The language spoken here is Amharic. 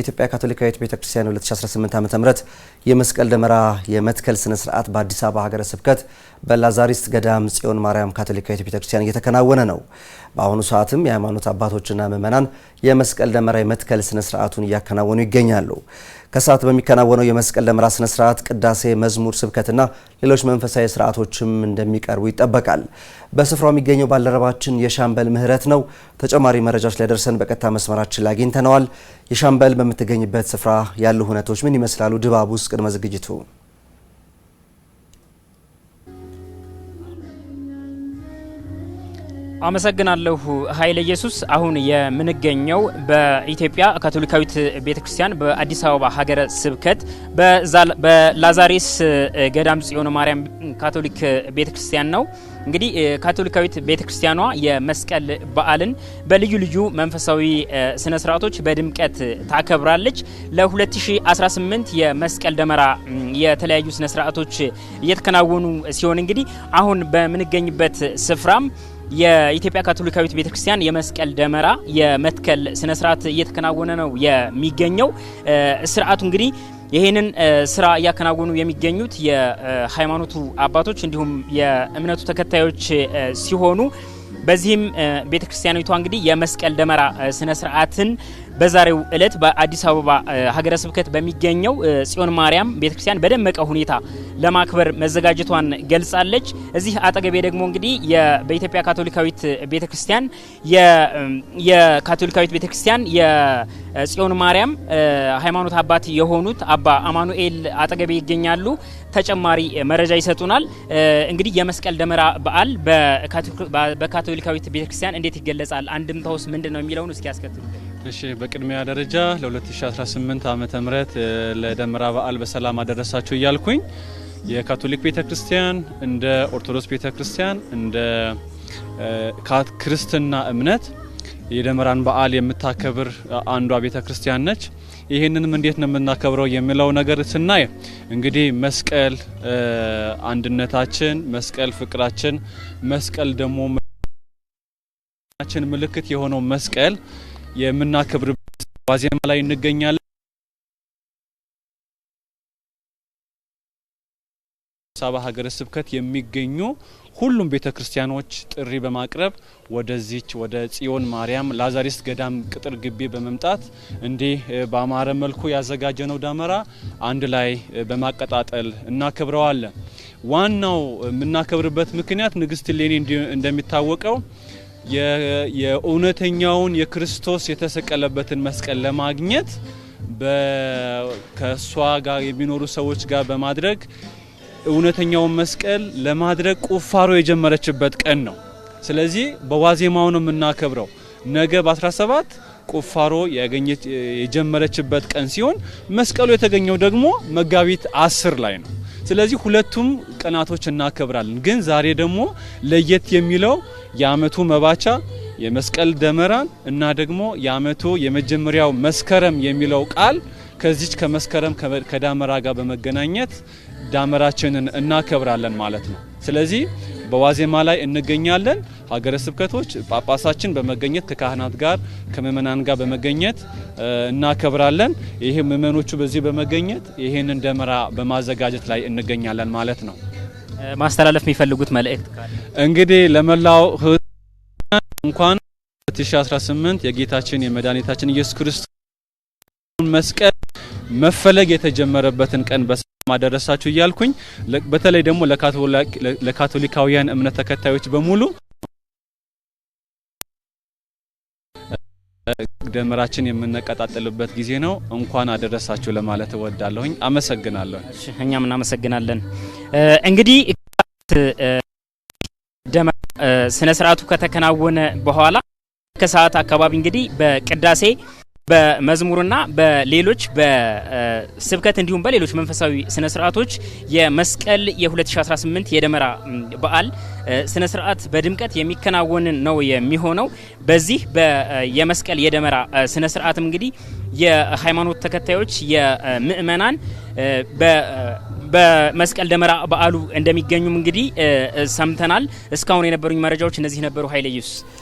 የኢትዮጵያ ካቶሊካዊት ቤተክርስቲያን 2018 ዓ.ም የመስቀል ደመራ የመትከል ስነ ስርዓት በአዲስ አበባ ሀገረ ስብከት በላዛሪስት ገዳም ጽዮን ማርያም ካቶሊካዊት ቤተክርስቲያን እየተከናወነ ነው። በአሁኑ ሰዓትም የሃይማኖት አባቶችና ምዕመናን የመስቀል ደመራ የመትከል ስነ ስርዓቱን እያከናወኑ ይገኛሉ። ከሰዓት በሚከናወነው የመስቀል ደመራ ስነ ስርዓት ቅዳሴ፣ መዝሙር፣ ስብከትና ሌሎች መንፈሳዊ ስርዓቶችም እንደሚቀርቡ ይጠበቃል። በስፍራው የሚገኘው ባልደረባችን የሻምበል ምህረት ነው። ተጨማሪ መረጃዎች ደርሰን በቀጥታ መስመራችን ላይ አግኝተነዋል። የሻምበል በምትገኝበት ስፍራ ያሉ ሁነቶች ምን ይመስላሉ? ውስጥ ቅድመ ዝግጅቱ አመሰግናለሁ ኃይለ ኢየሱስ። አሁን የምንገኘው በኢትዮጵያ ካቶሊካዊት ቤተ ክርስቲያን በአዲስ አበባ ሀገረ ስብከት በላዛሬስ ገዳም ጽዮን ማርያም ካቶሊክ ቤተ ክርስቲያን ነው። እንግዲህ ካቶሊካዊት ቤተ ክርስቲያኗ የመስቀል በዓልን በልዩ ልዩ መንፈሳዊ ስነ ስርዓቶች በድምቀት ታከብራለች። ለ2018 የመስቀል ደመራ የተለያዩ ስነ ስርዓቶች እየተከናወኑ ሲሆን እንግዲህ አሁን በምንገኝበት ስፍራም የኢትዮጵያ ካቶሊካዊት ቤተክርስቲያን የመስቀል ደመራ የመትከል ስነስርዓት እየተከናወነ ነው የሚገኘው። ስርዓቱ እንግዲህ ይህንን ስራ እያከናወኑ የሚገኙት የሃይማኖቱ አባቶች እንዲሁም የእምነቱ ተከታዮች ሲሆኑ በዚህም ቤተክርስቲያኒቷ እንግዲህ የመስቀል ደመራ ስነስርዓትን በዛሬው እለት በአዲስ አበባ ሀገረ ስብከት በሚገኘው ጽዮን ማርያም ቤተክርስቲያን በደመቀ ሁኔታ ለማክበር መዘጋጀቷን ገልጻለች። እዚህ አጠገቤ ደግሞ እንግዲህ በኢትዮጵያ ካቶሊካዊት ቤተክርስቲያን የካቶሊካዊት ቤተክርስቲያን የጽዮን ማርያም ሃይማኖት አባት የሆኑት አባ አማኑኤል አጠገቤ ይገኛሉ። ተጨማሪ መረጃ ይሰጡናል። እንግዲህ የመስቀል ደመራ በዓል በካቶሊካዊት ቤተክርስቲያን እንዴት ይገለጻል? አንድምታውስ ምንድን ነው የሚለውን እስኪ ያስከትሉ እሺ በቅድሚያ ደረጃ ለ2018 ዓመተ ምህረት ለደመራ በዓል በሰላም አደረሳችሁ እያልኩኝ የካቶሊክ ቤተ ክርስቲያን እንደ ኦርቶዶክስ ቤተ ክርስቲያን እንደ ክርስትና እምነት የደመራን በዓል የምታከብር አንዷ ቤተ ክርስቲያን ነች። ይህንንም እንዴት ነው የምናከብረው የሚለው ነገር ስናይ እንግዲህ መስቀል አንድነታችን፣ መስቀል ፍቅራችን፣ መስቀል ደግሞ ችን ምልክት የሆነው መስቀል የምናከብርበት ዋዜማ ላይ እንገኛለን። ሳባ ሀገረ ስብከት የሚገኙ ሁሉም ቤተ ክርስቲያኖች ጥሪ በማቅረብ ወደዚች ወደ ጽዮን ማርያም ላዛሪስ ገዳም ቅጥር ግቢ በመምጣት እንዲህ በአማረ መልኩ ያዘጋጀ ነው ዳመራ አንድ ላይ በማቀጣጠል እናከብረዋለን። ዋናው የምናከብርበት ምክንያት ንግስት ሌኒ እንደሚታወቀው የእውነተኛውን የክርስቶስ የተሰቀለበትን መስቀል ለማግኘት ከእሷ ጋር የሚኖሩ ሰዎች ጋር በማድረግ እውነተኛውን መስቀል ለማድረግ ቁፋሮ የጀመረችበት ቀን ነው። ስለዚህ በዋዜማው ነው የምናከብረው። ነገ በ17 ቁፋሮ የጀመረችበት ቀን ሲሆን መስቀሉ የተገኘው ደግሞ መጋቢት አስር ላይ ነው። ስለዚህ ሁለቱም ቀናቶች እናከብራለን። ግን ዛሬ ደግሞ ለየት የሚለው የአመቱ መባቻ የመስቀል ደመራን እና ደግሞ የአመቱ የመጀመሪያው መስከረም የሚለው ቃል ከዚች ከመስከረም ከዳመራ ጋር በመገናኘት ዳመራችንን እናከብራለን ማለት ነው። ስለዚህ በዋዜማ ላይ እንገኛለን። ሀገረ ስብከቶች ጳጳሳችን በመገኘት ከካህናት ጋር ከምእመናን ጋር በመገኘት እናከብራለን። ይህ ምእመኖቹ በዚህ በመገኘት ይህንን ደመራ በማዘጋጀት ላይ እንገኛለን ማለት ነው። ማስተላለፍ የሚፈልጉት መልእክት እንግዲህ ለመላው እንኳን 2018 የጌታችን የመድኃኒታችን ኢየሱስ ክርስቶስ መስቀል መፈለግ የተጀመረበትን ቀን በ ማደረሳችሁ አደረሳችሁ እያልኩኝ በተለይ ደግሞ ለካቶሊካውያን እምነት ተከታዮች በሙሉ ደመራችን የምንቀጣጠልበት ጊዜ ነው። እንኳን አደረሳችሁ ለማለት እወዳለሁኝ። አመሰግናለሁ። እኛም እናመሰግናለን። እንግዲህ ደመራ ስነ ስርዓቱ ከተከናወነ በኋላ ከሰዓት አካባቢ እንግዲህ በቅዳሴ በመዝሙርና በሌሎች በስብከት እንዲሁም በሌሎች መንፈሳዊ ስነ ስርዓቶች የመስቀል የ2018 የደመራ በዓል ስነ ስርዓት በድምቀት የሚከናወን ነው የሚሆነው። በዚህ የመስቀል የደመራ ስነ ስርዓትም እንግዲህ የሃይማኖት ተከታዮች የምእመናን በመስቀል ደመራ በዓሉ እንደሚገኙም እንግዲህ ሰምተናል። እስካሁን የነበሩኝ መረጃዎች እነዚህ ነበሩ። ኃይለ ኢየሱስ